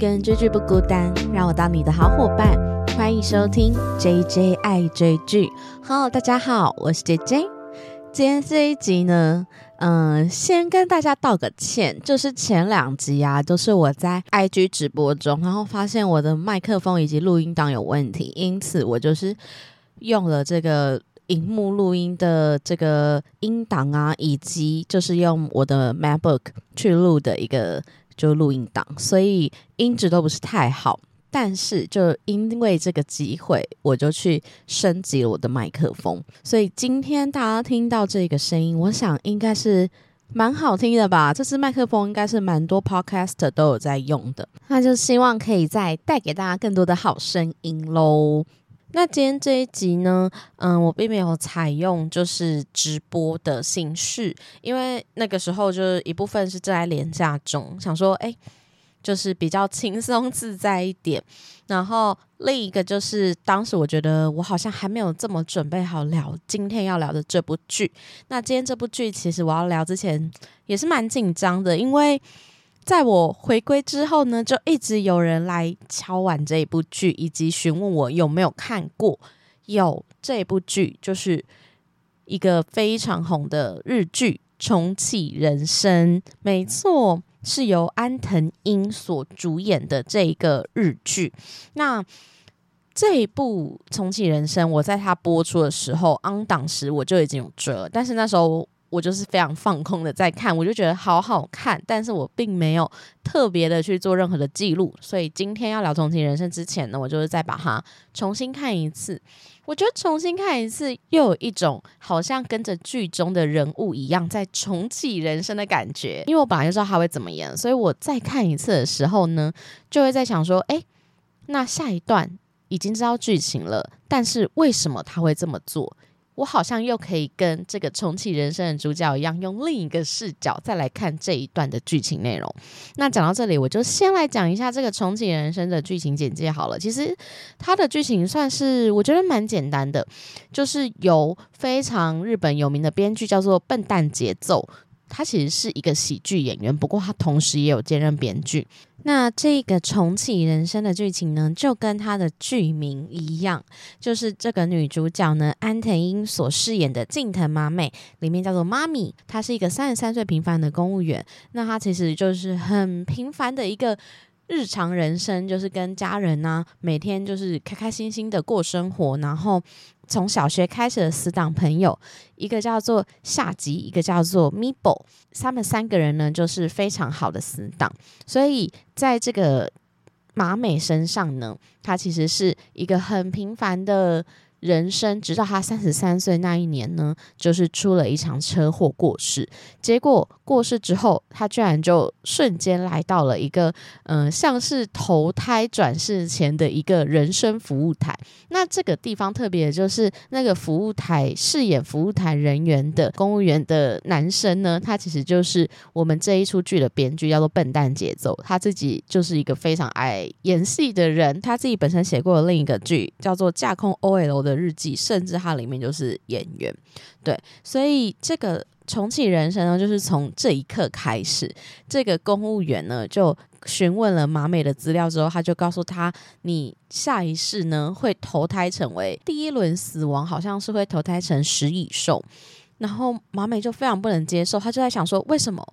跟追劇不孤單，讓我當你的好夥伴，歡迎收聽 J J i 追劇。哈嘍，大家好，我是 J J。今天這一集呢，嗯、呃，先跟大家道個歉，就是前兩集啊，都、就是我在 I G 直播中，然後發現我的麥克風以及錄音檔有問題，因此我就是用了這個熒幕錄音的這個音檔啊，以及就是用我的 MacBook 去錄的一個。就錄音檔，所以音質都不是太好。但是，就因為這個機會，我就去升級了我的麥克風。所以今天大家聽到這個聲音，我想應該是蠻好聽的吧？這支麥克風應該是蠻多 Podcaster 都有在用的。那就希望可以再帶給大家更多的好聲音嘍。那今天這一集呢，嗯，我並沒有採用就是直播的形式，因為那個時候就是一部分是正在連假中，想說，誒、欸，就是比較輕鬆自在一點。然後另一個就是當時我覺得我好像還沒有這麼準備好聊今天要聊的這部劇。那今天這部劇其實我要聊之前也是蠻緊張的，因為。在我回歸之後呢，就一直有人來敲碗這一部劇，以及詢問我有沒有看過有這部劇，就是一個非常紅的日劇《重啟人生》。沒錯，是由安藤櫻所主演的這一個日劇。那這一部《重啟人生》，我在它播出的時候 on 檔、嗯、時，我就已經有追，但是那時候。我就是非常放空的在看，我就覺得好好看，但是我並沒有特別的去做任何的記錄，所以今天要聊《重啟人生》之前呢，我就是再把它重新看一次。我覺得重新看一次，又有一種好像跟着劇中的人物一樣在重啟人生的感覺，因為我本來就知道他會怎麼演，所以我再看一次的時候呢，就會在想說，哎，那下一段已經知道劇情了，但是為什麼他會這麼做？我好像又可以跟這個重啟人生的主角一樣，用另一個視角再來看這一段的劇情內容。那講到這裡，我就先來講一下這個重啟人生的劇情簡介好了。其實它的劇情算是我覺得蠻簡單的，就是由非常日本有名的編劇叫做笨蛋節奏。她其實是一個喜劇演員，不過她同時也有兼任編劇。那這個重啟人生的劇情呢，就跟她的劇名一樣，就是這個女主角呢，安藤櫻所飾演的近藤麻美，裡面叫做媽咪。她是一個三十三歲平凡的公務員。那她其實就是很平凡的一個日常人生，就是跟家人啊，每天就是開開心心的過生活，然後。從小學開始的死黨朋友，一個叫做夏吉，一個叫做 Mibo。他們三個人呢，就是非常好的死黨。所以，在這個馬美身上呢，他其實是一個很平凡的。人生，直到他三十三歲那一年呢，就是出了一場車禍過世。結果過世之後，他居然就瞬間來到了一個，嗯、呃，像是投胎轉世前的一個人生服務台。那這個地方特別就是那個服務台飾演服務台人員的公務員的男生呢，他其實就是我們這一出劇的編劇，叫做笨蛋節奏。他自己就是一個非常愛演戲的人，他自己本身寫過的另一個劇叫做架空 OL 的的日記，甚至它裡面就是演員，對，所以這個重啟人生呢，就是從這一刻開始。這個公務員呢，就詢問了馬美的資料之後，他就告訴他：“你下一世呢，會投胎成為第一輪死亡，好像是會投胎成食蟻獸。”然後馬美就非常不能接受，他就在想說：“為什麼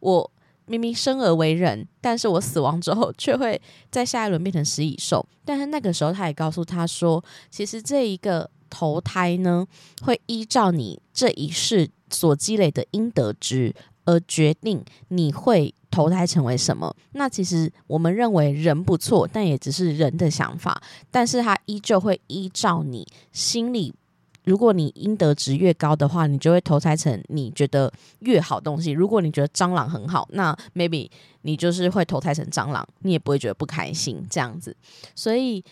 我？”明明生而為人，但是我死亡之後卻會在下一輪變成食蟻獸。但是那個時候，他也告訴他說：“其實這一個投胎呢，會依照你這一世所積累的應得值而決定你會投胎成為什麼。”那其實我們認為人不錯，但也只是人的想法。但是他依舊會依照你心裡。如果你陰德值越高的話，你就會投胎成你覺得越好東西。如果你覺得蟑螂很好，那 maybe 你就是會投胎成蟑螂，你也不會覺得不開心這樣子。所以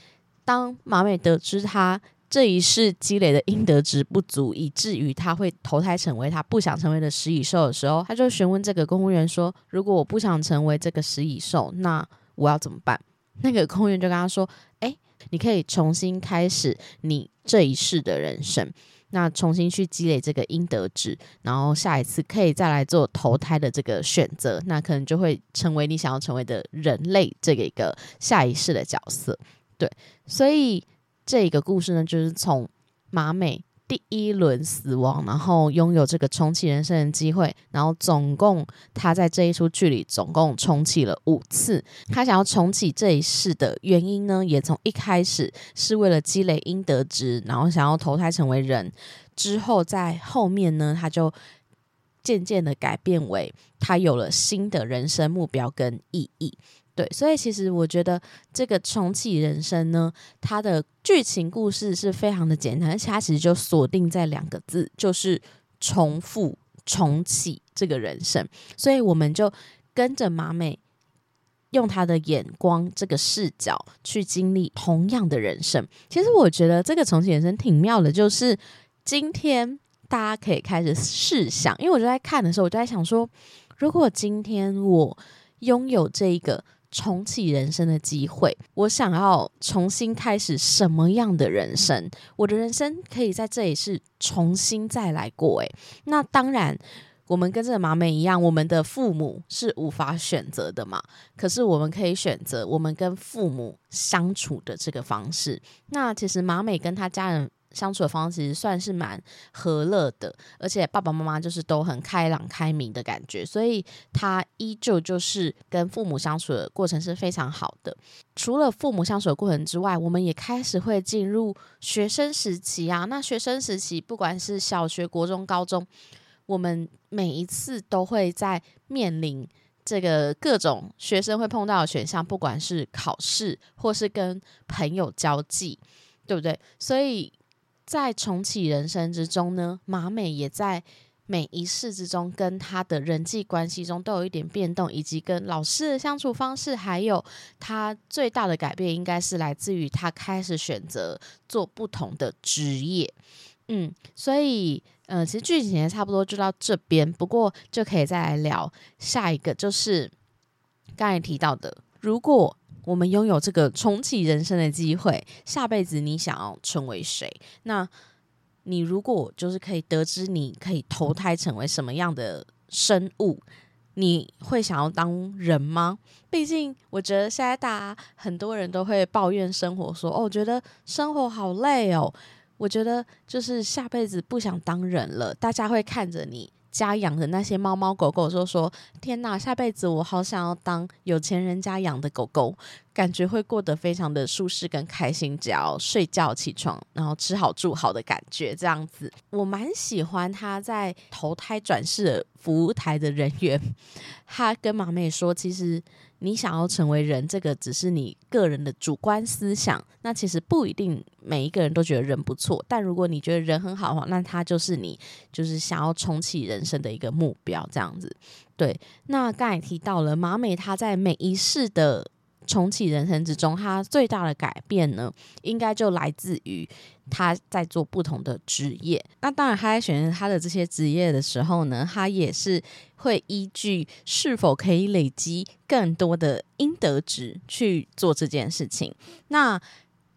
當麻美得知她這一世積累的陰德值不足，以至於她會投胎成為她不想成為的食蟻獸的時候，她就詢問這個公務員說：“如果我不想成為這個食蟻獸，那我要怎麼辦？”那個公務員就跟她說：“哎。”你可以重新開始你這一世的人生，那重新去積累這個陰德值，然後下一次可以再來做投胎的這個選擇，那可能就會成為你想要成為的人類這個一個下一世的角色。對，所以這個故事呢，就是從麻美，第一輪死亡，然後擁有這個重啟人生的機會，然後總共他在這一出劇裡總共重啟了五次。他想要重啟這一世的原因呢，也從一開始是為了積累陰德值，然後想要投胎成為人。之後在後面呢，他就漸漸的改變為他有了新的人生目標跟意義。對，所以其實我覺得這個重啟人生呢，它的劇情故事是非常的簡單，而且它其實就鎖定在兩個字，就是重複重啟這個人生。所以我們就跟着麻美，用她的眼光這個視角去經歷同樣的人生。其實我覺得這個重啟人生挺妙的，就是今天大家可以開始試想，因為我就在看的時候，我就在想說，如果今天我擁有這一個。重啟人生的機會，我想要重新開始什麼樣的人生？我的人生可以在這裡是重新再來過。誒，那當然，我們跟這個麻美一樣，我們的父母是無法選擇的嘛。可是我們可以選擇我們跟父母相處的這個方式。那其實麻美跟她家人。相處的方式其實算是蠻和樂的，而且爸爸媽媽就是都很開朗開明的感覺，所以他依舊就是跟父母相處的過程是非常好的。除了父母相處的過程之外，我們也開始會進入學生時期啊。那學生時期，不管是小學、國中、高中，我們每一次都會在面臨這個各種學生會碰到的選項，不管是考試或是跟朋友交際，對不對？所以，在重啟人生之中呢，麻美也在每一世之中跟她的人際關係中都有一點變動，以及跟老師的相處方式，還有她最大的改變，應該是來自於她開始選擇做不同的職業。嗯，所以，呃，其實劇情也差不多就到這邊，不過就可以再來聊下一個，就是剛才提到的，如果。我們擁有這個重啟人生的機會，下輩子你想要成為誰？那你如果就是可以得知，你可以投胎成為什麼樣的生物，你會想要當人嗎？畢竟我覺得現在大家很多人都會抱怨生活，說哦，我覺得生活好累哦，我覺得就是下輩子不想當人了。大家會看着你。家養的那些貓貓狗狗，就說：“天哪，下輩子我好想要當有錢人家養的狗狗。”感覺會過得非常的舒適跟開心，只要睡覺、起床，然後吃好、住好的感覺這樣子。我蠻喜歡他在投胎轉世的服務台的人員，他跟馬美說：“其實你想要成為人，這個只是你個人的主觀思想。那其實不一定每一個人都覺得人不錯，但如果你覺得人很好的話，那他就是你就是想要重啟人生的一個目標這樣子。對，那剛才提到了馬美，媽妹她在每一世的。”重啟人生之中，他最大的改變呢，應該就來自於他在做不同的職業。那當然，他在選擇他的這些職業的時候呢，他也是會依據是否可以累積更多的應得值去做這件事情。那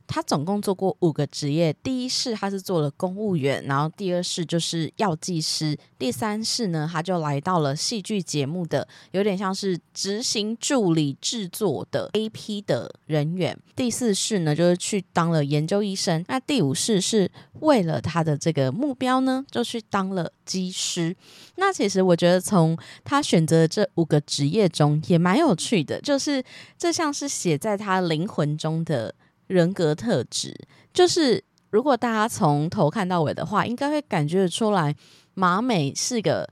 他總共做過五個職業。第一世，他是做了公務員；然後第二世就是藥劑師；第三世呢，他就來到了戲劇節目的有點像是執行助理制作的 AP 的人員；第四世呢，就是去當了研究醫生；那第五世是為了他的這個目標呢，就去當了機師。那其實我覺得，從他選擇這五個職業中也蠻有趣的，就是這像是寫在他靈魂中的。人格特質，就是如果大家從頭看到尾的話，應該會感覺得出來，馬美是個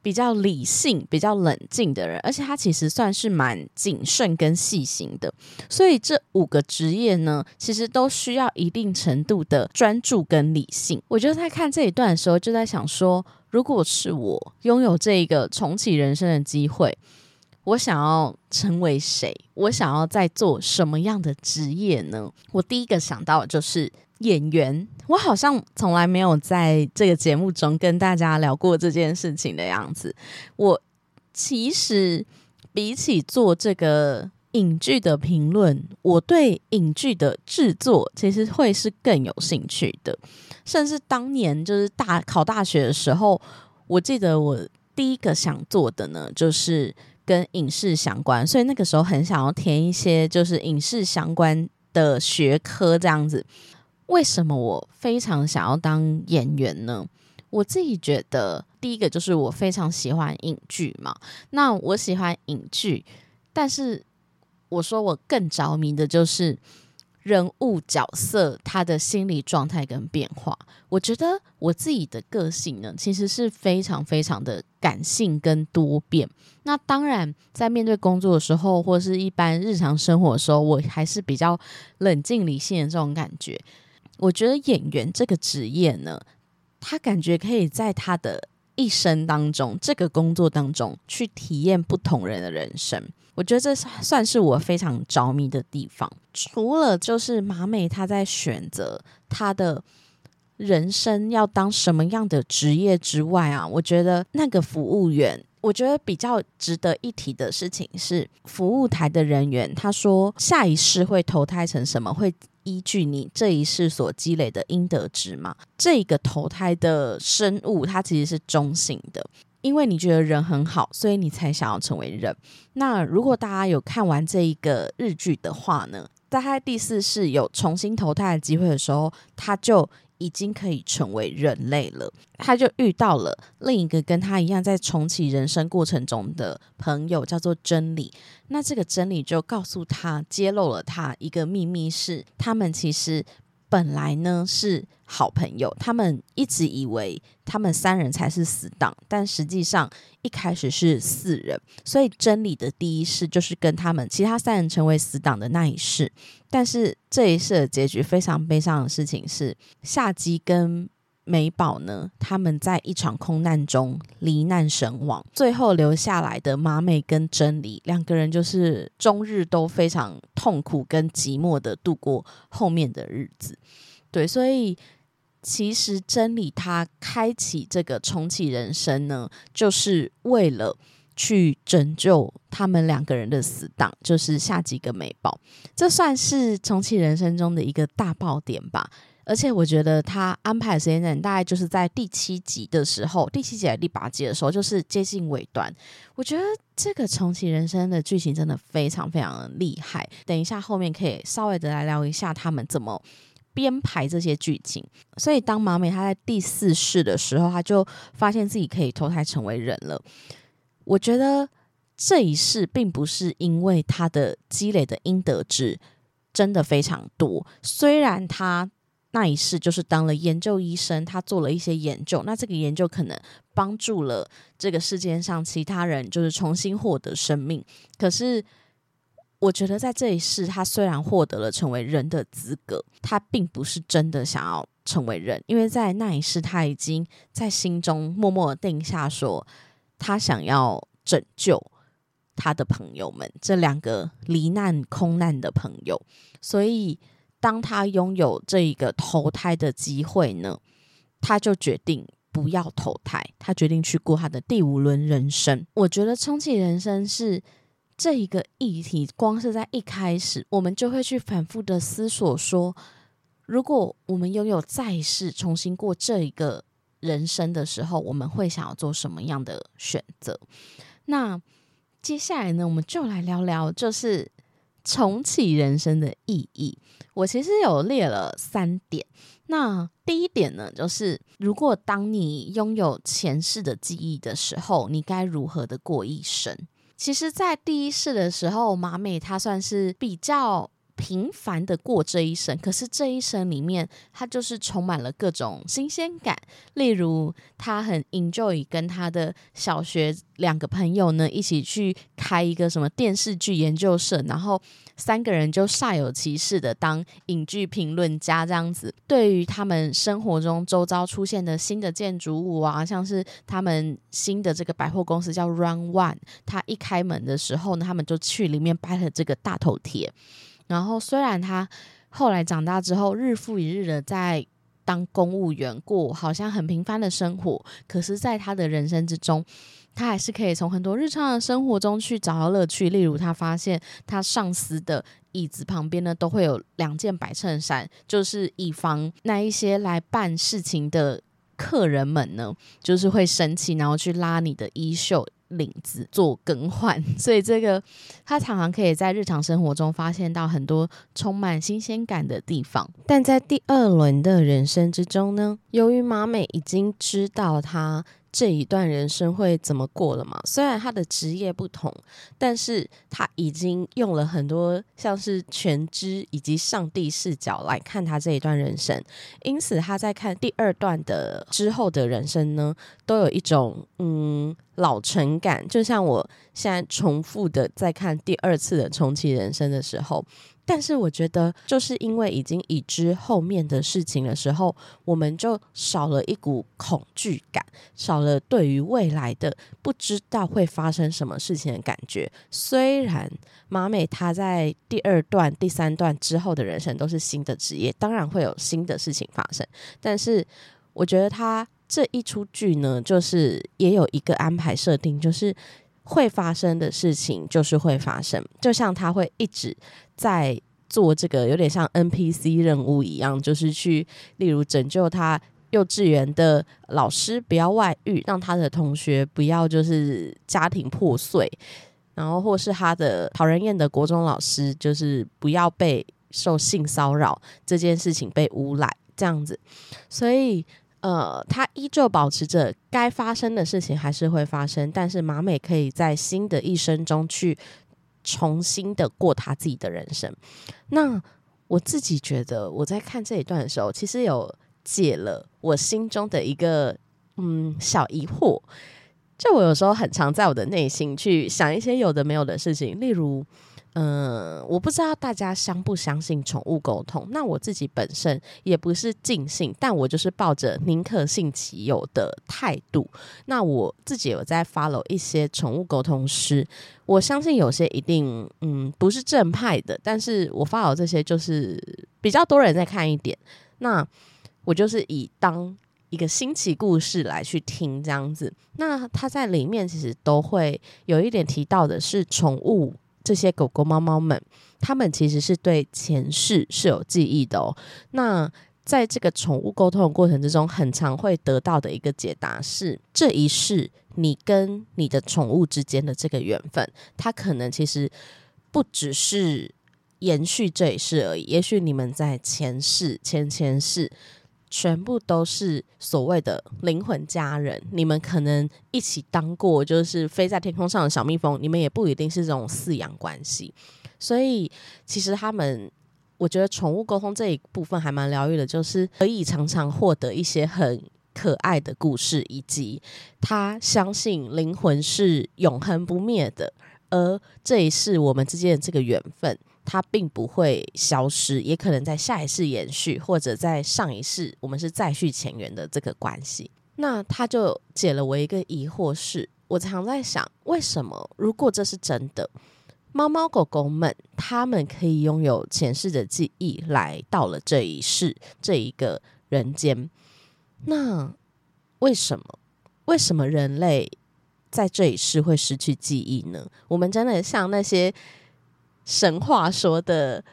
比較理性、比較冷靜的人，而且她其實算是蠻謹慎跟細心的。所以這五個職業呢，其實都需要一定程度的專注跟理性。我覺得在看這一段的時候，就在想說，如果是我擁有這一個重啟人生的機會。我想要成為誰？我想要在做什麼樣的職業呢？我第一個想到就是演員。我好像從來沒有在這個節目中跟大家聊過這件事情的樣子。我其實比起做這個影劇的評論，我對影劇的製作其實會是更有興趣的。甚至當年就是大考大學的時候，我記得我第一個想做的呢，就是。跟影視相關，所以那個時候很想要填一些就是影視相關的學科這樣子。為什麼我非常想要當演員呢？我自己覺得，第一個就是我非常喜歡影劇嘛。那我喜歡影劇，但是我說我更着迷的就是。人物角色他的心理狀態跟變化，我覺得我自己的個性呢，其實是非常非常的感性跟多變。那當然，在面對工作的時候，或是一般日常生活的時候，我還是比較冷靜理性的這種感覺。我覺得演員這個職業呢，他感覺可以在他的。一生當中，這個工作當中去體驗不同人的人生，我覺得這算算是我非常着迷的地方。除了就是馬美她在選擇她的人生要當什麼樣的職業之外啊，我覺得那個服務員。我覺得比較值得一提的事情是，服務台的人員他說，下一世會投胎成什麼？會依據你這一世所積累的應得值嗎？這一個投胎的生物，它其實是中性的，因為你覺得人很好，所以你才想要成為人。那如果大家有看完這一個日劇的話呢，在他第四世有重新投胎的機會的時候，他就。已經可以成為人類了，他就遇到了另一個跟他一樣在重啟人生過程中的朋友，叫做真理。那這個真理就告訴他，揭露了他一個秘密是，是他們其實。本來呢是好朋友，他們一直以為他們三人才是死黨，但實際上一開始是四人，所以真理的第一世就是跟他們其他三人成為死黨的那一世，但是這一世的結局非常悲傷的事情是夏姬跟。美寶呢，他們在一場空難中罹難身亡，最後留下來的麻美跟真理兩個人，就是終日都非常痛苦跟寂寞的度過後面的日子。對，所以其實真理他開啟這個重啟人生呢，就是為了去拯救他們兩個人的死黨，就是下幾個美寶。這算是重啟人生中的一個大爆點吧。而且我覺得他安排的時間點大概就是在第七集的時候，第七集第八集的時候，就是接近尾段。我覺得這個《重啟人生》的劇情真的非常非常的厲害。等一下後面可以稍微的來聊一下他們怎麼編排這些劇情。所以當麻美他在第四世的時候，他就發現自己可以投胎成為人了。我覺得這一世並不是因為他的積累的陰德值真的非常多，雖然他。那一世就是當了研究醫生，他做了一些研究。那這個研究可能幫助了這個世界上其他人，就是重新獲得生命。可是，我覺得在這一世，他雖然獲得了成為人的資格，他並不是真的想要成為人，因為在那一世他已經在心中默默定下說，說他想要拯救他的朋友們，這兩個罹難空難的朋友，所以。當他擁有這一個投胎的機會呢，他就決定不要投胎，他決定去過他的第五輪人生。我覺得重啟人生是這一個議題，光是在一開始，我們就會去反覆的思索說：說如果我們擁有再世重新過這一個人生的時候，我們會想要做什麼樣的選擇？那接下來呢，我們就來聊聊，就是。重啟人生的意義，我其實有列了三點。那第一點呢，就是如果當你擁有前世的記憶的時候，你該如何的過一生？其實，在第一世的時候，馬美她算是比較。平凡的過這一生，可是這一生裡面，他就是充滿了各種新鮮感。例如，他很 enjoy 跟他的小學兩個朋友呢，一起去開一個什麼電視劇研究社，然後三個人就煞有其事的當影劇評論家這樣子。對於他們生活中周遭出現的新的建築物啊，像是他們新的這個百貨公司叫 Round One，他一開門的時候呢，他們就去裡面掰了這個大頭貼。然後，雖然他後來長大之後，日復一日的在當公務員過，好像很平凡的生活，可是，在他的人生之中，他還是可以從很多日常的生活中去找到樂趣。例如，他發現他上司的椅子旁邊呢，都會有兩件白襯衫，就是以防那一些來辦事情的客人們呢，就是會生氣，然後去拉你的衣袖。領子做更換，所以這個他常常可以在日常生活中發現到很多充滿新鮮感的地方。但在第二輪的人生之中呢，由於麻美已經知道他這一段人生會怎麼過了嗎？雖然他的職業不同，但是他已經用了很多像是全知以及上帝視角來看他這一段人生，因此他在看第二段的之後的人生呢，都有一種嗯老成感。就像我現在重複的在看第二次的重啟人生的時候。但是我覺得，就是因為已經已知後面的事情的時候，我們就少了一股恐懼感，少了對於未來的不知道會發生什麼事情的感覺。雖然麻美她在第二段、第三段之後的人生都是新的職業，當然會有新的事情發生，但是我覺得她這一出劇呢，就是也有一個安排設定，就是。會發生的事情就是會發生，就像他會一直在做這個，有點像 NPC 任務一樣，就是去，例如拯救他幼稚園的老師不要外遇，讓他的同學不要就是家庭破碎，然後或是他的討人厭的國中老師就是不要被受性騷擾這件事情被誣賴這樣子，所以。呃，他依舊保持着該發生的事情還是會發生，但是馬美可以在新的一生中去重新的過他自己的人生。那我自己覺得，我在看這一段的時候，其實有解了我心中的一個嗯小疑惑。就我有時候很常在我的內心去想一些有的沒有的事情，例如。嗯、呃，我不知道大家相不相信寵物溝通。那我自己本身也不是盡信，但我就是抱着寧可信其有的態度。那我自己有在 follow 一些寵物溝通師，我相信有些一定嗯，不是正派的，但是我 follow 這些就是比較多人在看一點。那我就是以當一個新奇故事來去聽這樣子。那他在裡面其實都會有一點提到的是寵物。這些狗狗貓貓們，它們其實是對前世是有記憶的哦。那在這個寵物溝通的過程之中，很常會得到的一個解答是：這一世你跟你的寵物之間的這個緣分，它可能其實不只是延續這一世而已。也許你們在前世、前前世。全部都是所謂的靈魂家人，你們可能一起當過就是飛在天空上的小蜜蜂，你們也不一定是這種飼養關係，所以其實他們，我覺得寵物溝通這一部分還蠻療癒的，就是可以常常獲得一些很可愛的故事，以及他相信靈魂是永恆不滅的，而這也是我們之間的這個緣分。它並不會消失，也可能在下一世延續，或者在上一世，我們是再續前緣的這個關係。那它就解了我一個疑惑：是，我常在想，為什麼如果這是真的，貓貓狗狗們他們可以擁有前世的記憶，來到了這一世這一個人間，那為什麼？為什麼人類在這一世會失去記憶呢？我們真的像那些。神話說的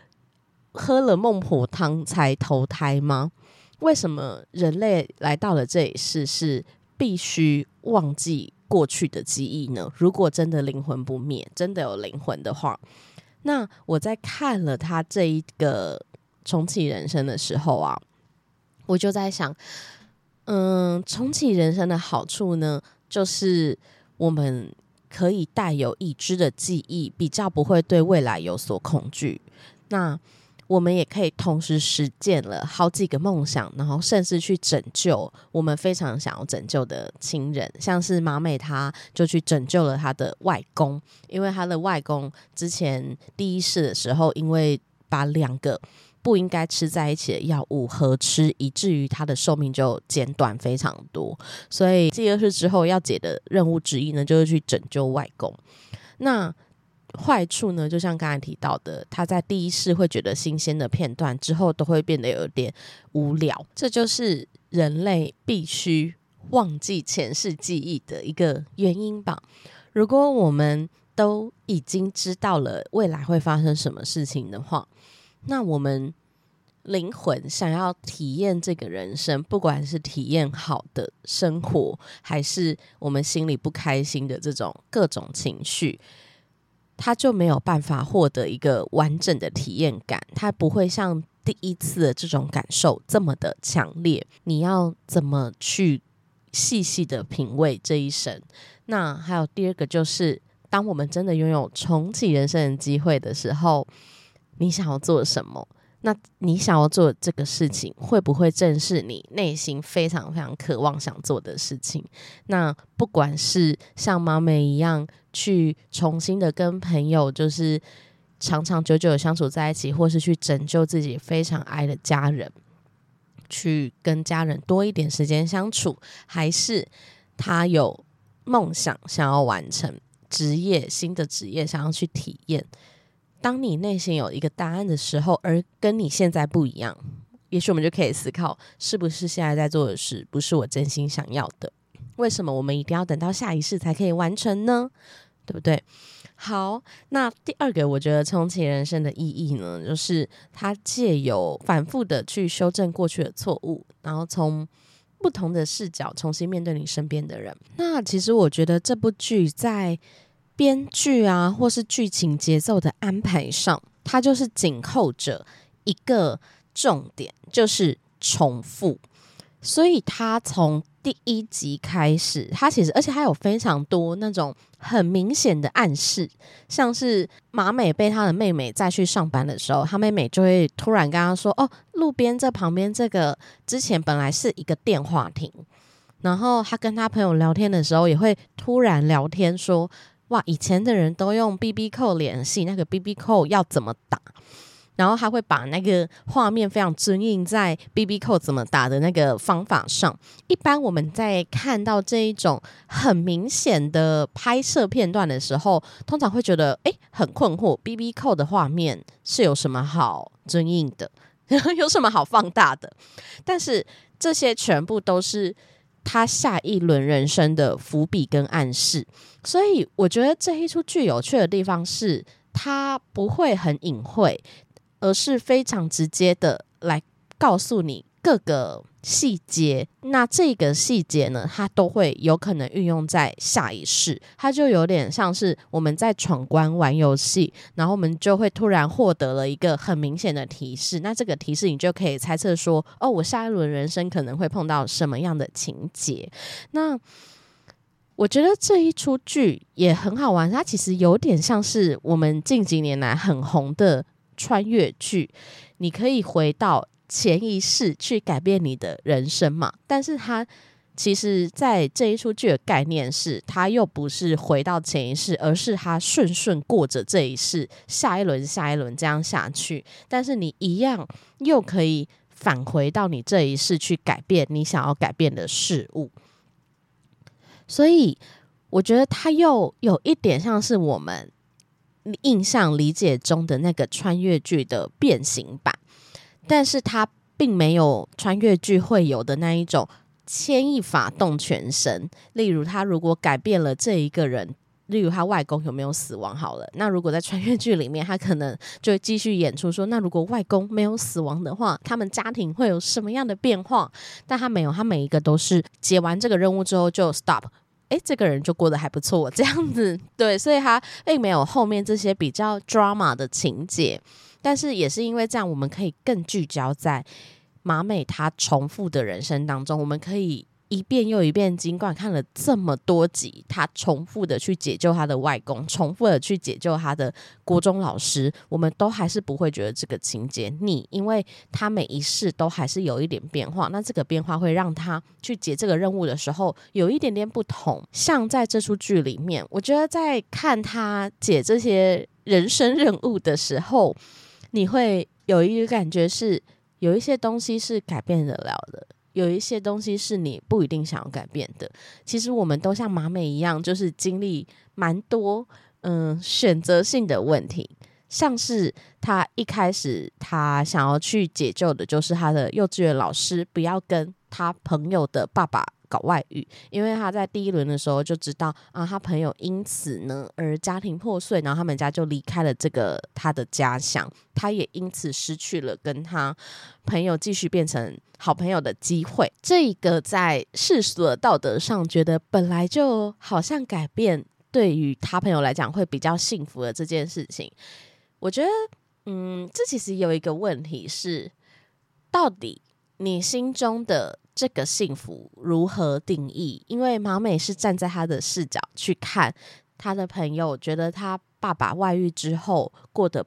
喝了孟婆湯才投胎嗎？為什麼人類來到了這一世是必須忘記過去的記憶呢？如果真的靈魂不滅，真的有靈魂的話，那我在看了他這一個重啟人生的時候啊，我就在想，嗯，重啟人生的好處呢，就是我們。可以帶有已知的記憶，比較不會對未來有所恐懼。那我們也可以同時實踐了好幾個夢想，然後甚至去拯救我們非常想要拯救的親人，像是麻美，她就去拯救了她的外公，因為她的外公之前第一世的時候，因為把兩個。不應該吃在一起的藥物和吃，以至於他的壽命就減短非常多。所以第二世之後要解的任務之一呢，就是去拯救外公。那壞處呢，就像剛才提到的，他在第一世會覺得新鮮的片段之後都會變得有點無聊。這就是人類必須忘記前世記憶的一個原因吧。如果我們都已經知道了未來會發生什麼事情的話，那我們。靈魂想要體驗這個人生，不管是體驗好的生活，還是我們心裡不開心的這種各種情緒，它就沒有辦法獲得一個完整的體驗感。它不會像第一次的這種感受這麼的強烈。你要怎麼去細細的品味這一生？那還有第二個，就是當我們真的擁有重啟人生的機會的時候，你想要做什麼？那你想要做這個事情，會不會正是你內心非常非常渴望想做的事情？那不管是像麻美一樣去重新的跟朋友，就是長長久久的相處在一起，或是去拯救自己非常愛的家人，去跟家人多一點時間相處，還是他有夢想想要完成職業，新的職業，想要去體驗？當你內心有一個答案的時候，而跟你現在不一樣，也許我們就可以思考，是不是現在在做的事不是我真心想要的？為什麼我們一定要等到下一世才可以完成呢？對不對？好，那第二個我覺得重啟人生的意義呢，就是它借由反覆的去修正過去的錯誤，然後從不同的視角重新面對你身邊的人。那其實我覺得這部劇在編劇啊，或是劇情節奏的安排上，它就是緊扣着一個重點，就是重複。所以，他從第一集開始，他其實而且他有非常多那種很明顯的暗示，像是馬美被他的妹妹再去上班的時候，他妹妹就會突然跟他說：“哦，路邊這旁邊這個之前本來是一個電話亭。”然後他跟他朋友聊天的時候，也會突然聊天說。哇！以前的人都用 BB 扣聯繫，那個 BB 扣要怎麼打？然後他會把那個畫面非常 zoom in 在 BB 扣怎麼打的那個方法上。一般我們在看到這一種很明顯的拍攝片段的時候，通常會覺得誒、欸、很困惑，BB 扣的畫面是有什麼好 zoom in 的，有什麼好放大的？但是這些全部都是。他下一輪人生的伏筆跟暗示，所以我覺得這一出劇有趣的地方是，他不會很隱晦，而是非常直接的來告訴你各個細節，那這個細節呢，它都會有可能運用在下一世，它就有點像是我們在闖關玩遊戲，然後我們就會突然獲得了一個很明顯的提示，那這個提示你就可以猜測說，哦，我下一輪人生可能會碰到什麼樣的情節？那我覺得這一出劇也很好玩，它其實有點像是我們近幾年來很紅的穿越劇，你可以回到。前一世去改變你的人生嘛，但是他其實，在這一出劇的概念是，他又不是回到前一世，而是他順順過着這一世，下一輪下一輪這樣下去，但是你一樣又可以返回到你這一世去改變你想要改變的事物，所以我覺得他又有一點像是我們印象理解中的那個穿越劇的變形版。但是他並沒有穿越劇會有的那一種牽一髮動全身。例如，他如果改變了這一個人，例如他外公有沒有死亡？好了，那如果在穿越劇裡面，他可能就會繼續演出說，那如果外公沒有死亡的話，他們家庭會有什麼樣的變化？但他沒有，他每一個都是接完這個任務之後就 stop。哎，這個人就過得還不錯，這樣子對，所以他並沒有後面這些比較 drama 的情節。但是也是因為這樣，我們可以更聚焦在麻美他重複的人生當中。我們可以一遍又一遍，儘管看了這麼多集，他重複的去解救他的外公，重複的去解救他的國中老師，我們都還是不會覺得這個情節膩，因為他每一世都還是有一點變化。那這個變化會讓他去解這個任務的時候有一點點不同。像在這出劇裡面，我覺得在看他解這些人生任務的時候。你會有一個感覺是，有一些東西是改變得了的，有一些東西是你不一定想要改變的。其實我們都像麻美一樣，就是經歷蠻多，嗯，選擇性的問題。像是他一開始他想要去解救的，就是他的幼稚園老師，不要跟他朋友的爸爸。搞外遇，因為他在第一輪的時候就知道啊，他朋友因此呢而家庭破碎，然後他們家就離開了這個他的家鄉，他也因此失去了跟他朋友繼續變成好朋友的機會。這個在世俗的道德上，覺得本來就好像改變對於他朋友來講會比較幸福的這件事情，我覺得，嗯，這其實有一個問題是，到底你心中的…這個幸福如何定義？因為麻美是站在他的視角去看他的朋友，覺得他爸爸外遇之後過得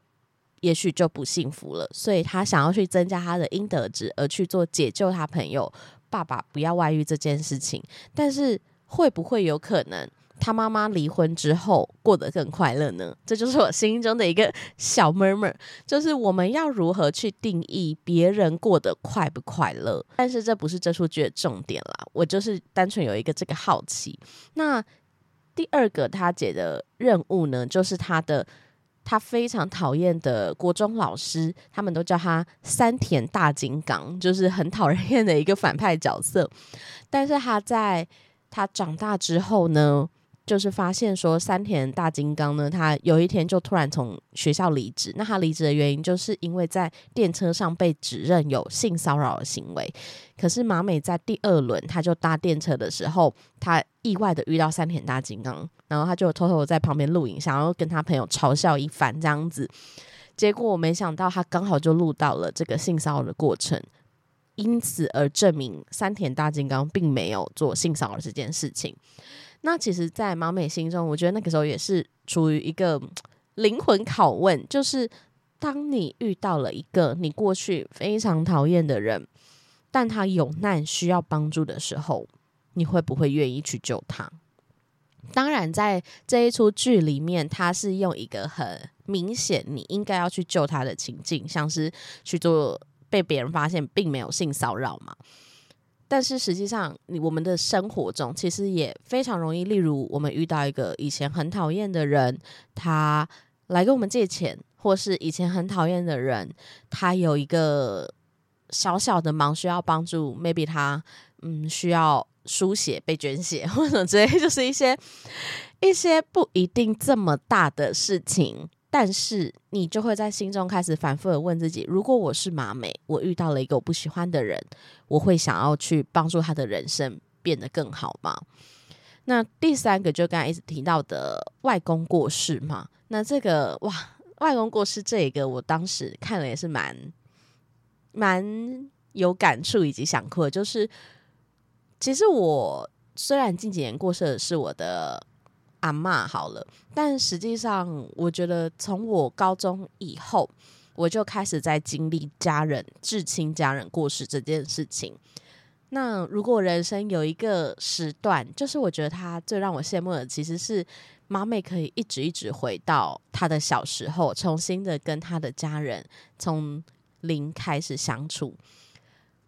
也許就不幸福了，所以他想要去增加他的陰德值，而去做解救他朋友爸爸不要外遇這件事情。但是會不會有可能？他媽媽離婚之後過得更快樂呢？這就是我心中的一個小 Murmur，就是我們要如何去定義別人過得快不快樂？但是這不是這出劇的重點啦，我就是單純有一個這個好奇。那第二個他姐的任務呢，就是他的他非常討厭的國中老師，他們都叫他三田大金剛，就是很討人厭的一個反派角色。但是他在他長大之後呢？就是發現說，山田大金剛呢，他有一天就突然從學校離職。那他離職的原因，就是因為在電車上被指認有性騷擾的行為。可是馬美在第二輪，他就搭電車的時候，他意外的遇到山田大金剛，然後他就偷偷在旁邊錄影，想要跟他朋友嘲笑一番這樣子。結果我沒想到，他剛好就錄到了這個性騷擾的過程，因此而證明山田大金剛並沒有做性騷擾這件事情。那其實，在毛美心中，我覺得那個時候也是處於一個靈魂拷問，就是當你遇到了一個你過去非常討厭的人，但他有難需要幫助的時候，你會不會願意去救他？當然，在這一出劇裡面，他是用一個很明顯你應該要去救他的情境，像是去做被別人發現並沒有性騷擾嘛。但是實際上，你，我們的生活中其實也非常容易，例如我們遇到一個以前很討厭的人，他來跟我們借錢，或是以前很討厭的人，他有一個小小的忙需要幫助，maybe 他嗯需要輸血，被捐血，或者之類，就是一些一些不一定這麼大的事情。但是你就會在心中開始反覆的問自己：如果我是麻美，我遇到了一個我不喜歡的人，我會想要去幫助他的人生變得更好嗎？那第三個就剛才一直提到的外公過世嘛，那這個哇，外公過世這一個，我當時看了也是蠻蠻有感觸以及想哭的。就是其實我雖然近幾年過世的是我的。阿嬤好了，但實際上，我覺得從我高中以後，我就開始在經歷家人、至親家人過世這件事情。那如果人生有一個時段，就是我覺得他最讓我羨慕的，其實是麻美可以一直一直回到他的小時候，重新的跟他的家人從零開始相處。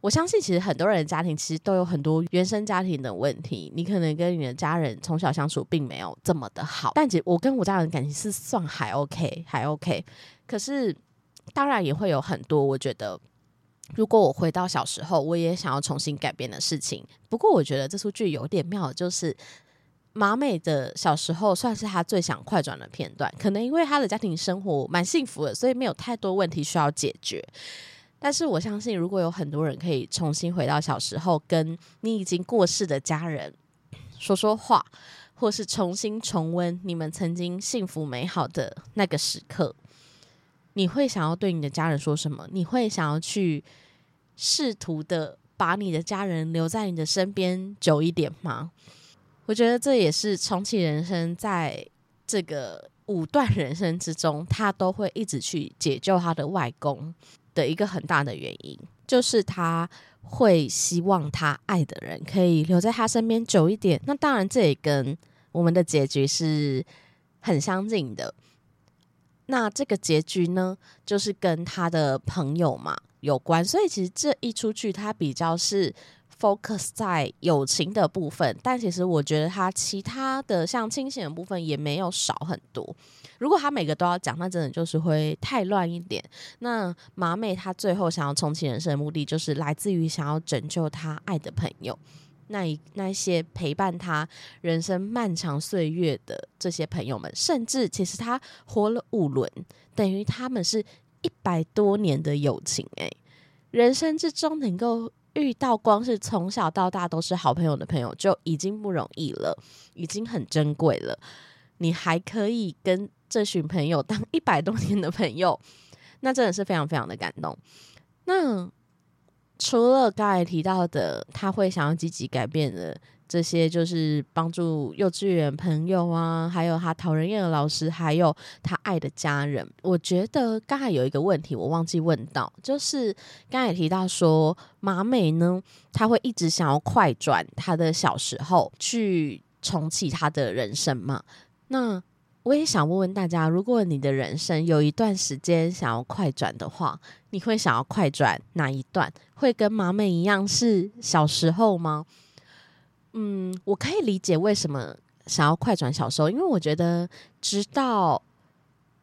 我相信，其實很多人的家庭其實都有很多原生家庭的問題。你可能跟你的家人從小相處並沒有這麼的好，但是我跟我家人感情是算還 OK，還 OK。可是，當然也會有很多我覺得，如果我回到小時候，我也想要重新改變的事情。不過，我覺得這出劇有點妙，就是麻美的小時候算是她最想快轉的片段。可能因為她的家庭生活蠻幸福的，所以沒有太多問題需要解決。但是我相信，如果有很多人可以重新回到小時候，跟你已經過世的家人說說話，或是重新重溫你們曾經幸福美好的那個時刻，你會想要對你的家人說什麼？你會想要去試圖的把你的家人留在你的身邊久一點嗎？我覺得這也是重啟人生，在這個五段人生之中，他都會一直去解救他的外公。的一個很大的原因，就是他會希望他愛的人可以留在他身邊久一點。那當然，這也跟我們的結局是很相近的。那這個結局呢，就是跟他的朋友嘛有關。所以，其實這一出劇，他比較是 focus 在友情的部分，但其實我覺得他其他的像親情的部分也沒有少很多。如果他每個都要講，那真的就是會太亂一點。那麻美她最後想要重啟人生的目的，就是來自於想要拯救他愛的朋友，那一那些陪伴他人生漫長歲月的這些朋友們，甚至其實他活了五輪，等於他們是一百多年的友情誒、欸，人生之中能夠。遇到，光是從小到大都是好朋友的朋友就已經不容易了，已經很珍貴了。你還可以跟這群朋友當一百多年的朋友，那真的是非常非常的感動。那除了剛才提到的，他會想要積極改變的。這些就是幫助幼稚園朋友啊，還有他討人厭的老師，還有他愛的家人。我覺得剛才有一個問題我忘記問到，就是剛才也提到說馬美呢，他會一直想要快轉他的小時候去重啟他的人生嘛。那我也想問問大家，如果你的人生有一段時間想要快轉的話，你會想要快轉哪一段？會跟馬美一樣是小時候嗎？嗯，我可以理解為什麼想要快轉小時候，因為我覺得直到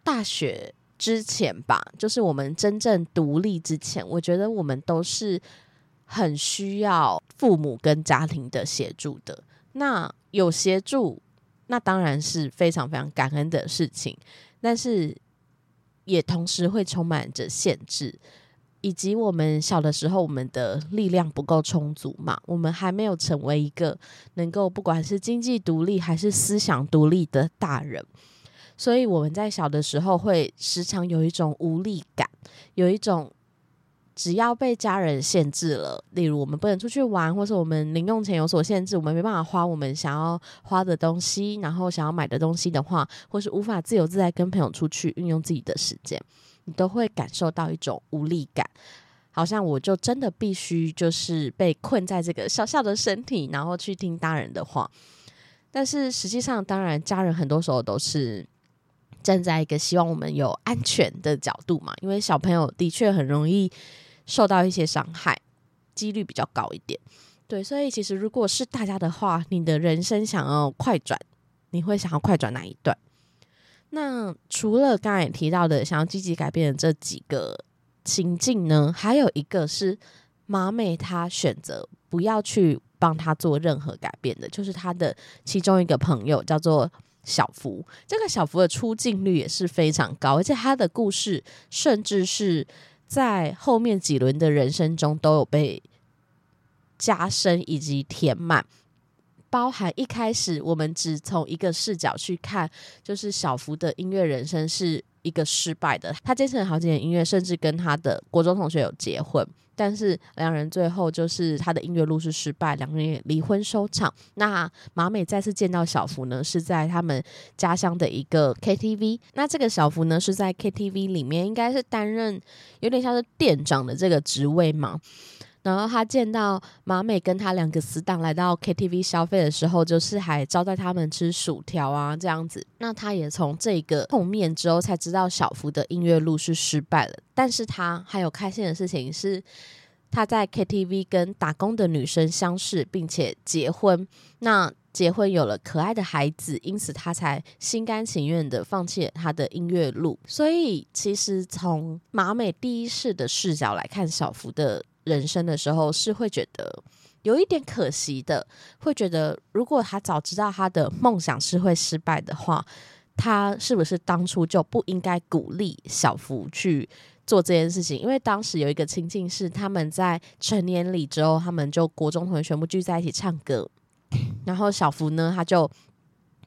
大學之前吧，就是我們真正獨立之前，我覺得我們都是很需要父母跟家庭的協助的。那有協助，那當然是非常非常感恩的事情，但是也同時會充滿着限制。以及我們小的時候，我們的力量不夠充足嘛，我們還沒有成為一個能夠不管是經濟獨立還是思想獨立的大人，所以我們在小的時候會時常有一種無力感，有一種只要被家人限制了，例如我們不能出去玩，或是我們零用錢有所限制，我們沒辦法花我們想要花的東西，然後想要買的東西的話，或是無法自由自在跟朋友出去運用自己的時間。你都會感受到一種無力感，好像我就真的必須就是被困在這個小小的身體，然後去聽大人的話。但是實際上，當然家人很多時候都是站在一個希望我們有安全的角度嘛，因為小朋友的確很容易受到一些傷害，幾率比較高一點。對，所以其實如果是大家的話，你的人生想要快轉，你會想要快轉哪一段？那除了剛剛也提到的想要積極改變的這幾個情境呢，還有一個是麻美，她選擇不要去幫他做任何改變的，就是他的其中一個朋友叫做小福。這個小福的出鏡率也是非常高，而且他的故事甚至是在後面幾輪的人生中都有被加深以及填滿。包含一開始我們只從一個視角去看，就是小福的音樂人生是一個失敗的。他堅持了好幾年音樂，甚至跟他的國中同學有結婚，但是兩人最後就是他的音樂路是失敗，兩個人也離婚收場。那馬美再次見到小福呢，是在他們家鄉的一個 KTV。那這個小福呢，是在 KTV 裡面，應該是擔任有點像是店長的這個職位嘛。然後他見到馬美跟他兩個死黨來到 KTV 消費的時候，就是還招待他們吃薯條啊這樣子。那他也從這個碰面之後才知道小福的音樂路是失敗了。但是他還有開心的事情是他在 KTV 跟打工的女生相識，並且結婚。那結婚有了可愛的孩子，因此他才心甘情願的放棄了他的音樂路。所以其實從馬美第一世的視角來看，小福的。人生的時候是會覺得有一點可惜的，會覺得如果他早知道他的夢想是會失敗的話，他是不是當初就不應該鼓勵小福去做這件事情？因為當時有一個情境是，他們在成年禮之後，他們就國中同學全部聚在一起唱歌，然後小福呢他就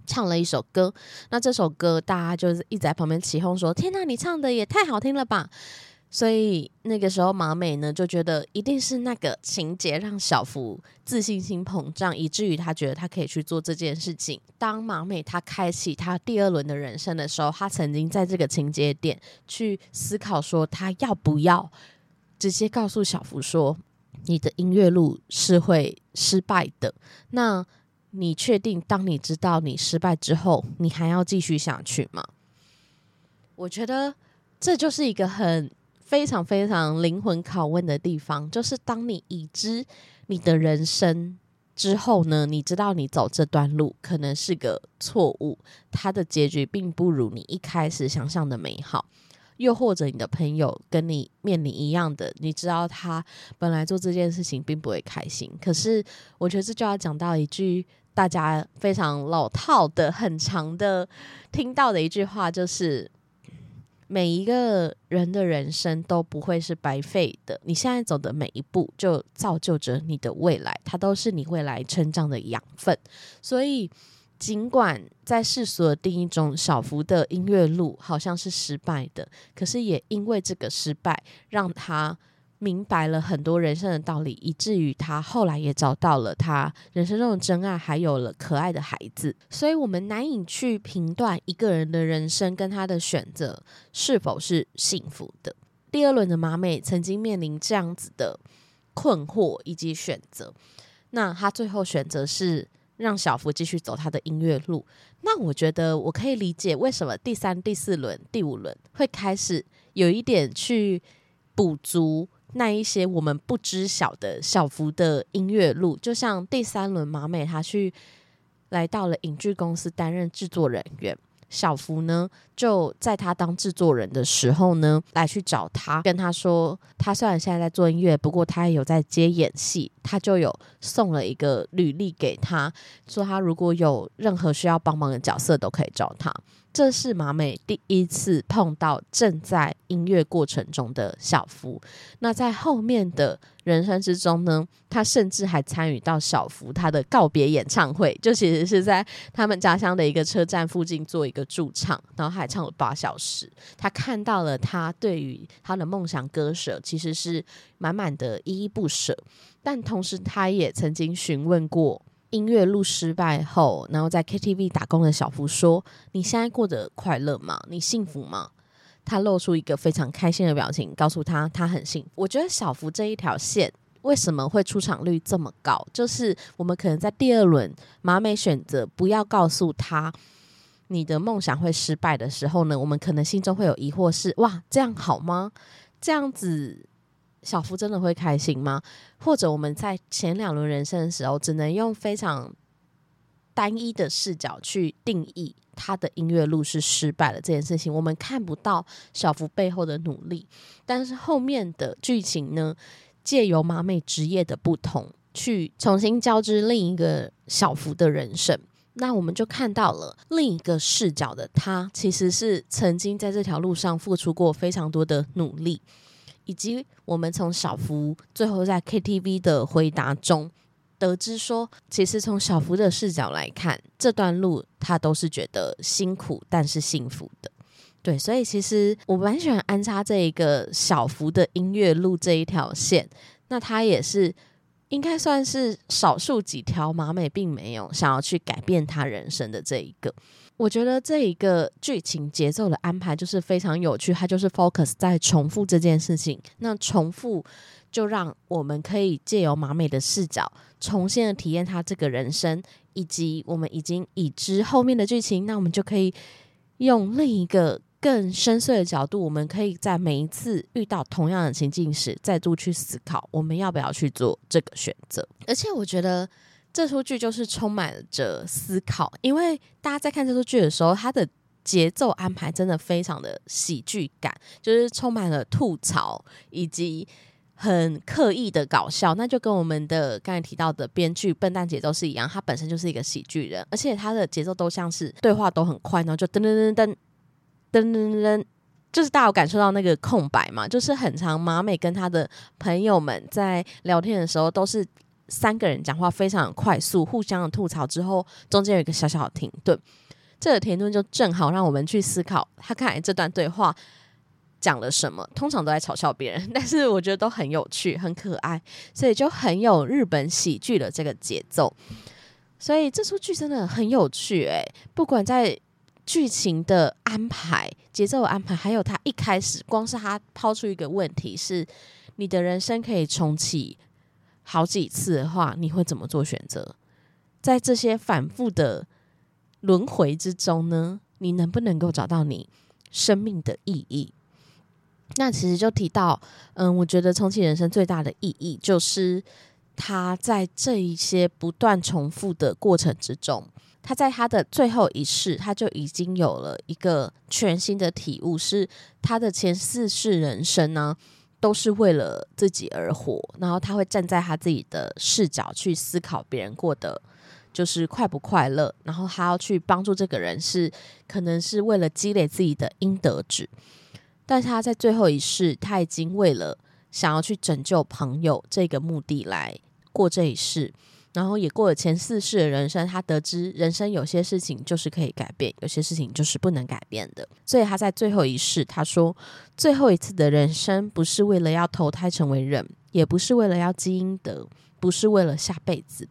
唱了一首歌，那這首歌大家就是一直在旁邊起哄說：“天哪，你唱的也太好聽了吧！”所以那個時候，麻美呢就覺得一定是那個情節讓小福自信心膨脹，以至於他覺得他可以去做這件事情。當麻美他開啟他第二輪的人生的時候，他曾經在這個情節點去思考說，他要不要直接告訴小福說，你的音樂路是會失敗的。那你確定，當你知道你失敗之後，你還要繼續下去嗎？我覺得這就是一個很。非常非常靈魂拷問的地方，就是當你已知你的人生之後呢，你知道你走這段路可能是個錯誤，它的結局並不如你一開始想象的美好。又或者你的朋友跟你面臨一樣的，你知道他本來做這件事情並不會開心。可是我覺得這就要講到一句大家非常老套的、很常的、聽到的一句話，就是。每一個人的人生都不會是白費的，你現在走的每一步就造就着你的未來，它都是你未來成長的養分。所以，儘管在世俗的定義中，小福的音樂路好像是失敗的，可是也因為這個失敗，讓他。明白了很多人生的道理，以至於他後來也找到了他人生中的真愛，還有了可愛的孩子。所以，我們難以去評斷一個人的人生跟他的選擇是否是幸福的。第二輪的麻美曾經面臨這樣子的困惑以及選擇，那他最後選擇是讓小福繼續走他的音樂路。那我覺得我可以理解為什麼第三、第四輪、第五輪會開始有一點去補足。那一些我們不知曉的小福的音樂路，就像第三輪馬美他去來到了影劇公司擔任製作人員，小福呢就在他當製作人的時候呢，來去找他，跟他說他雖然現在在做音樂，不過他也有在接演戲，他就有送了一個履歷給他，說他如果有任何需要幫忙的角色都可以找他。這是麻美第一次碰到正在音樂過程中的小福。那在後面的人生之中呢，他甚至還參與到小福他的告別演唱會，就其實是在他們家鄉的一個車站附近做一個駐唱，然後還唱了八小時。他看到了他對於他的夢想割捨，其實是滿滿的依依不捨。但同時，他也曾經詢問過。音樂路失敗後，然後在 KTV 打工的小福說：“你現在過得快樂嗎？你幸福嗎？”他露出一個非常開心的表情，告訴他他很幸福。我覺得小福這一條線為什麼會出場率這麼高？就是我們可能在第二輪麻美選擇不要告訴他你的夢想會失敗的時候呢，我們可能心中會有疑惑是：是哇，這樣好嗎？這樣子。小福真的會開心嗎？或者我們在前兩輪人生的時候，只能用非常單一的視角去定義他的音樂路是失敗的這件事情，我們看不到小福背後的努力。但是後面的劇情呢，借由麻美職業的不同，去重新交織另一個小福的人生，那我們就看到了另一個視角的他，其實是曾經在這條路上付出過非常多的努力。以及我們從小福最後在 KTV 的回答中得知說，說其實從小福的視角來看，這段路他都是覺得辛苦但是幸福的。對，所以其實我蠻喜歡安插這一個小福的音樂路這一條線，那他也是應該算是少數幾條麻美並沒有想要去改變他人生的這一個。我覺得這一個劇情節奏的安排就是非常有趣，它就是 focus 在重複這件事情。那重複就讓我們可以借由麻美的視角，重新的體驗她這個人生，以及我們已經已知後面的劇情。那我們就可以用另一個更深邃的角度，我們可以在每一次遇到同樣的情境時，再度去思考我們要不要去做這個選擇。而且我覺得。這出劇就是充滿着思考，因為大家在看這出劇的時候，它的節奏安排真的非常的喜劇感，就是充滿了吐槽以及很刻意的搞笑。那就跟我們的剛才提到的編劇笨蛋節奏是一樣，他本身就是一個喜劇人，而且他的節奏都像是對話都很快，然後就噔噔噔噔，噔噔噔噔噔，就是大家有感受到那個空白嘛？就是很常麻美跟他的朋友們在聊天的時候都是。三個人講話非常快速，互相的吐槽之後，中間有一個小小的停頓，這個停頓就正好讓我們去思考他看、欸、這段對話講了什麼。通常都在嘲笑別人，但是我覺得都很有趣，很可愛，所以就很有日本喜劇的這個節奏。所以這出劇真的很有趣哎、欸！不管在劇情的安排、節奏的安排，還有他一開始光是他拋出一個問題，是你的人生可以重啟？好幾次的話，你會怎麼做選擇？在這些反覆的輪迴之中呢，你能不能夠找到你生命的意義？那其實就提到，嗯，我覺得重啟人生最大的意義就是他在這一些不斷重複的過程之中，他在他的最後一世，他就已經有了一個全新的體悟，是他的前四世人生呢。都是為了自己而活，然後他會站在他自己的視角去思考別人過得就是快不快樂，然後他要去幫助這個人是、是可能是為了積累自己的應得值，但他在最後一世，他已經為了想要去拯救朋友這個目的來過這一世。然後也過了前四世的人生，他得知人生有些事情就是可以改變，有些事情就是不能改變的。所以他在最後一世，他說：“最後一次的人生，不是為了要投胎成為人，也不是為了要積陰德，不是為了下輩子，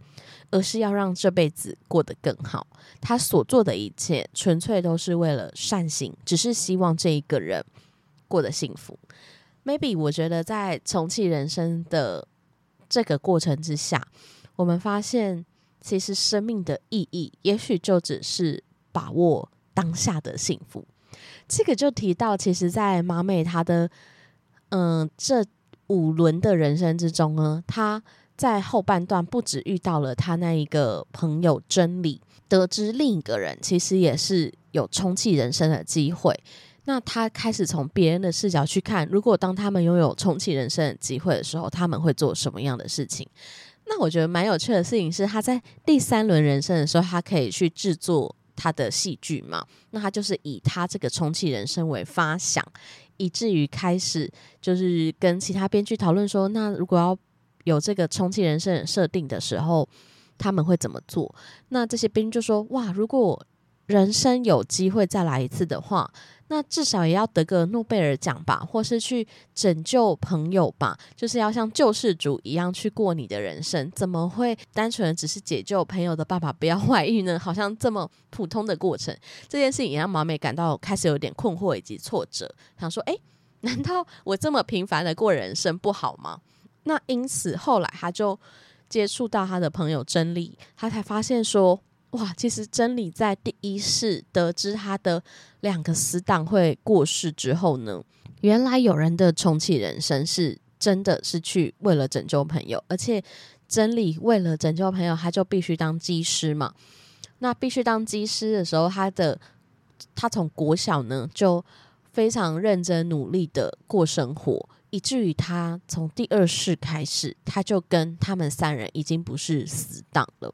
而是要讓這輩子過得更好。他所做的一切，純粹都是為了善行，只是希望這一個人過得幸福。Maybe，我覺得在重啟人生的這個過程之下。”我們發現，其實生命的意義，也許就只是把握當下的幸福。這個就提到，其實，在麻美她的嗯、呃、這五輪的人生之中呢，她在後半段不止遇到了她那一個朋友真理，得知另一個人其實也是有重啟人生的機會。那她開始從別人的視角去看，如果當他們擁有重啟人生的機會的時候，他們會做什麼樣的事情？那我覺得蠻有趣的事情是，他在第三輪人生的時候，他可以去製作他的戲劇嘛，那他就是以他這個重啟人生為發想，以至於開始就是跟其他編劇討論說，那如果要有這個重啟人生設定的時候，他們會怎麼做？那這些編劇就說：哇，如果，人生有機會再來一次的話，那至少也要得個諾貝爾獎吧，或是去拯救朋友吧，就是要像救世主一樣去過你的人生。怎麼會單純只是解救朋友的爸爸不要外遇呢？好像這麼普通的過程，這件事情也讓毛美感到開始有點困惑以及挫折，想說：哎、欸，難道我這麼平凡的過人生不好嗎？那因此後來他就接觸到他的朋友真理，他才發現說。哇，其實真理在第一世得知他的兩個死黨會過世之後呢，原來有人的重啟人生是真的是去為了拯救朋友，而且真理為了拯救朋友，他就必須當機師嘛。那必須當機師的時候他的，他的他從國小呢就非常認真努力的過生活，以至於他從第二世開始，他就跟他們三人已經不是死黨了。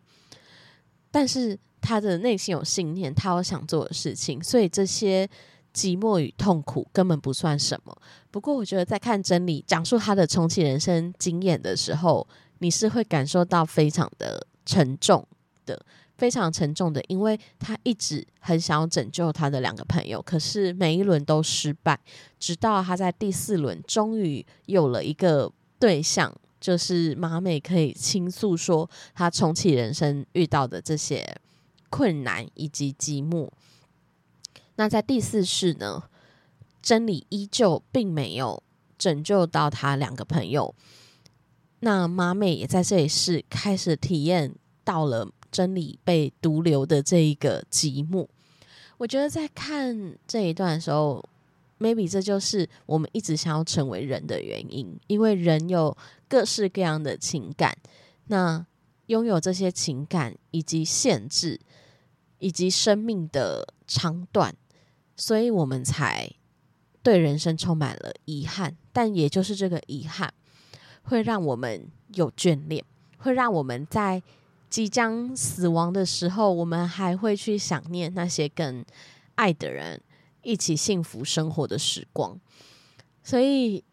但是他的內心有信念，他有想做的事情，所以這些寂寞與痛苦根本不算什麼。不過，我覺得在看真理講述他的重啟人生經驗的時候，你是會感受到非常的沉重的，非常沉重的，因為他一直很想要拯救他的兩個朋友，可是每一輪都失敗，直到他在第四輪終於有了一個對象。就是馬美可以傾訴說，她重啟人生遇到的這些困難以及積木。那在第四世呢，真理依舊並沒有拯救到他兩個朋友。那馬美也在這一世開始體驗到了真理被獨留的這一個積木。我覺得在看這一段的時候。Maybe 這就是我們一直想要成為人的原因，因為人有各式各樣的情感，那擁有這些情感以及限制，以及生命的長短，所以我們才對人生充滿了遺憾。但也就是這個遺憾，會讓我們有眷戀，會讓我們在即將死亡的時候，我們還會去想念那些更愛的人。一起幸福生活的時光，所以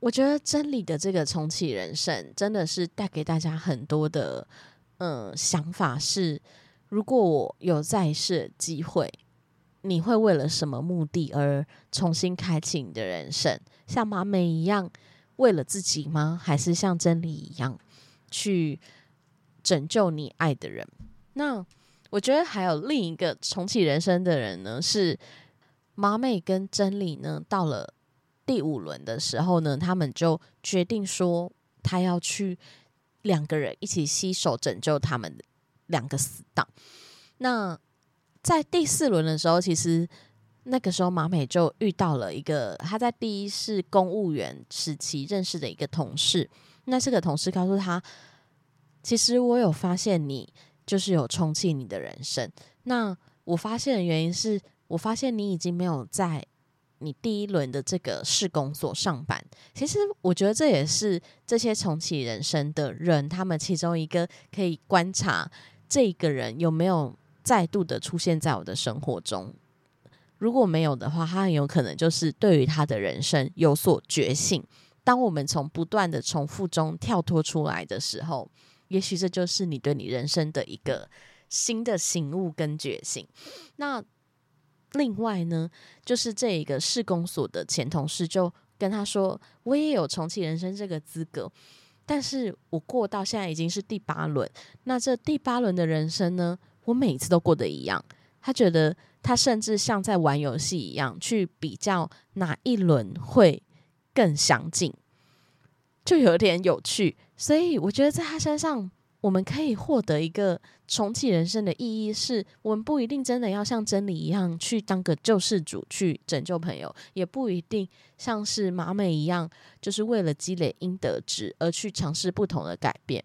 我覺得真理的這個重啟人生真的是帶給大家很多的嗯、呃、想法是。是如果我有再世機會，你會為了什麼目的而重新開啟你的人生？像麻美一樣為了自己嗎？還是像真理一樣去拯救你愛的人？那我覺得還有另一個重啟人生的人呢，是麻美跟真理呢。到了第五輪的時候呢，他們就決定說，他要去兩個人一起攜手拯救他們兩個死黨。那在第四輪的時候，其實那個時候麻美就遇到了一個，他在第一世公務員時期認識的一個同事。那這個同事告訴他，其實我有發現你。就是有重啟你的人生。那我發現的原因是，我發現你已經沒有在你第一輪的這個市公所上班。其實我覺得這也是這些重啟人生的人，他們其中一個可以觀察這一個人有沒有再度的出現在我的生活中。如果沒有的話，他很有可能就是對於他的人生有所覺醒。當我們從不斷的重複中跳脫出來的時候。也許這就是你對你人生的一個新的醒悟跟覺醒。那另外呢，就是這一個市公所的前同事就跟他說：“我也有重啟人生這個資格，但是我過到現在已經是第八輪。那這第八輪的人生呢，我每次都過得一樣。他覺得他甚至像在玩遊戲一樣，去比較哪一輪會更詳盡，就有點有趣。”所以，我覺得在他身上，我們可以獲得一個重啟人生的意義。是我們不一定真的要像真理一樣去當個救世主去拯救朋友，也不一定像是麻美一樣，就是為了積累陰德值而去嘗試不同的改變。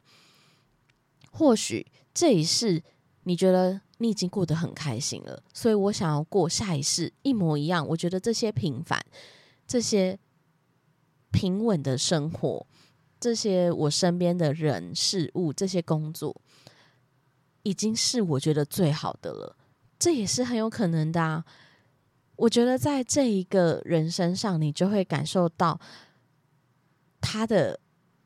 或許這一世你覺得你已經過得很開心了，所以我想要過下一世一模一樣。我覺得這些平凡、這些平穩的生活。這些我身邊的人、事物、這些工作，已經是我覺得最好的了。這也是很有可能的啊，我覺得在這一個人身上，你就會感受到他的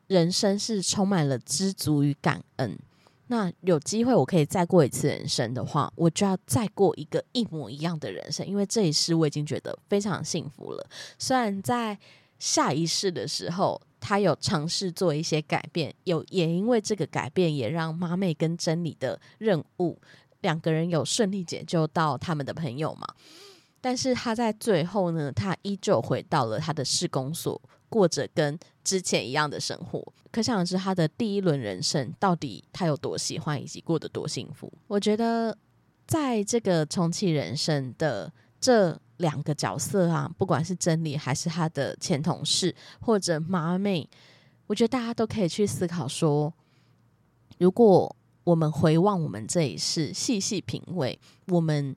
人生是充滿了知足與感恩。那有機會我可以再過一次人生的話，我就要再過一個一模一樣的人生，因為這一世我已經覺得非常幸福了。雖然在下一世的時候。他有嘗試做一些改變，有也因為這個改變，也讓媽咪跟珍妮的任務兩個人有順利解救到他們的朋友嘛。但是他在最後呢，他依舊回到了他的事工所，過着跟之前一樣的生活。可想而知，他的第一輪人生到底他有多喜歡，以及過得多幸福。我覺得，在這個重啟人生的這。兩個角色啊，不管是真理還是他的前同事或者媽妹，我覺得大家都可以去思考說，如果我們回望我們這一世，細細品味，我們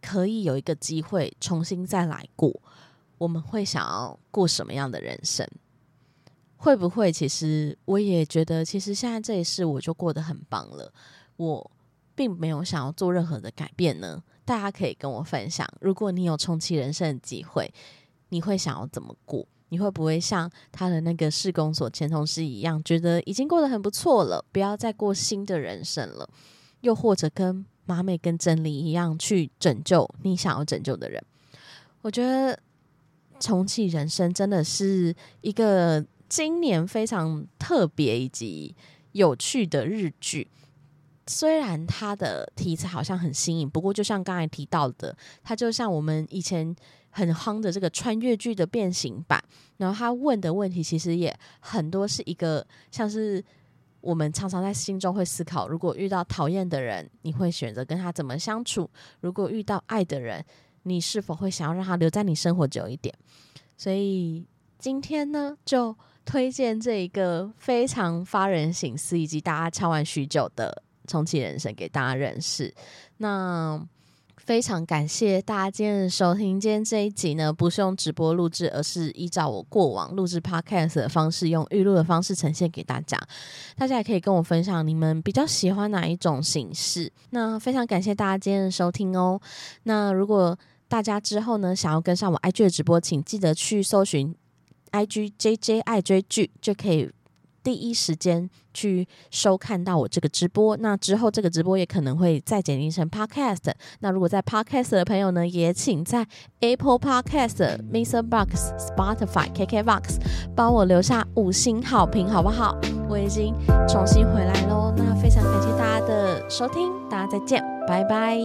可以有一個機會重新再來過，我們會想要過什麼樣的人生？會不會？其實我也覺得，其實現在這一世我就過得很棒了，我並沒有想要做任何的改變呢。大家可以跟我分享，如果你有重啟人生的機會，你會想要怎麼過？你會不會像他的那個市公所前同事一樣，覺得已經過得很不錯了，不要再過新的人生了？又或者跟麻美跟真理一樣，去拯救你想要拯救的人。我覺得重啟人生真的是一個今年非常特別以及有趣的日劇。雖然他的題材好像很新穎，不過就像剛才提到的，他就像我們以前很夯的這個穿越劇的變形版。然後他問的問題其實也很多，是一個像是我們常常在心中會思考：如果遇到討厭的人，你會選擇跟他怎麼相處？如果遇到愛的人，你是否會想要讓他留在你生活久一點？所以今天呢，就推薦這一個非常發人省思，以及大家敲碗許久的重啟人生給大家認識，那非常感謝大家今天的收聽。今天這一集呢，不是用直播錄製，而是依照我過往錄製 Podcast 的方式，用預錄的方式呈現給大家。大家也可以跟我分享你們比較喜歡哪一種形式。那非常感謝大家今天的收聽哦。那如果大家之後呢，想要跟上我 IG 的直播，請記得去搜尋 IG JJ 愛追劇就可以。第一時間去收看到我這個直播，那之後這個直播也可能會再剪輯成 podcast。那如果在 podcast 的朋友呢，也請在 Apple Podcast、Mixerbox、Spotify、KKBOX 幫我留下五星好評，好不好？我已經重新回來嘍，那非常感謝大家的收聽，大家再見，拜拜。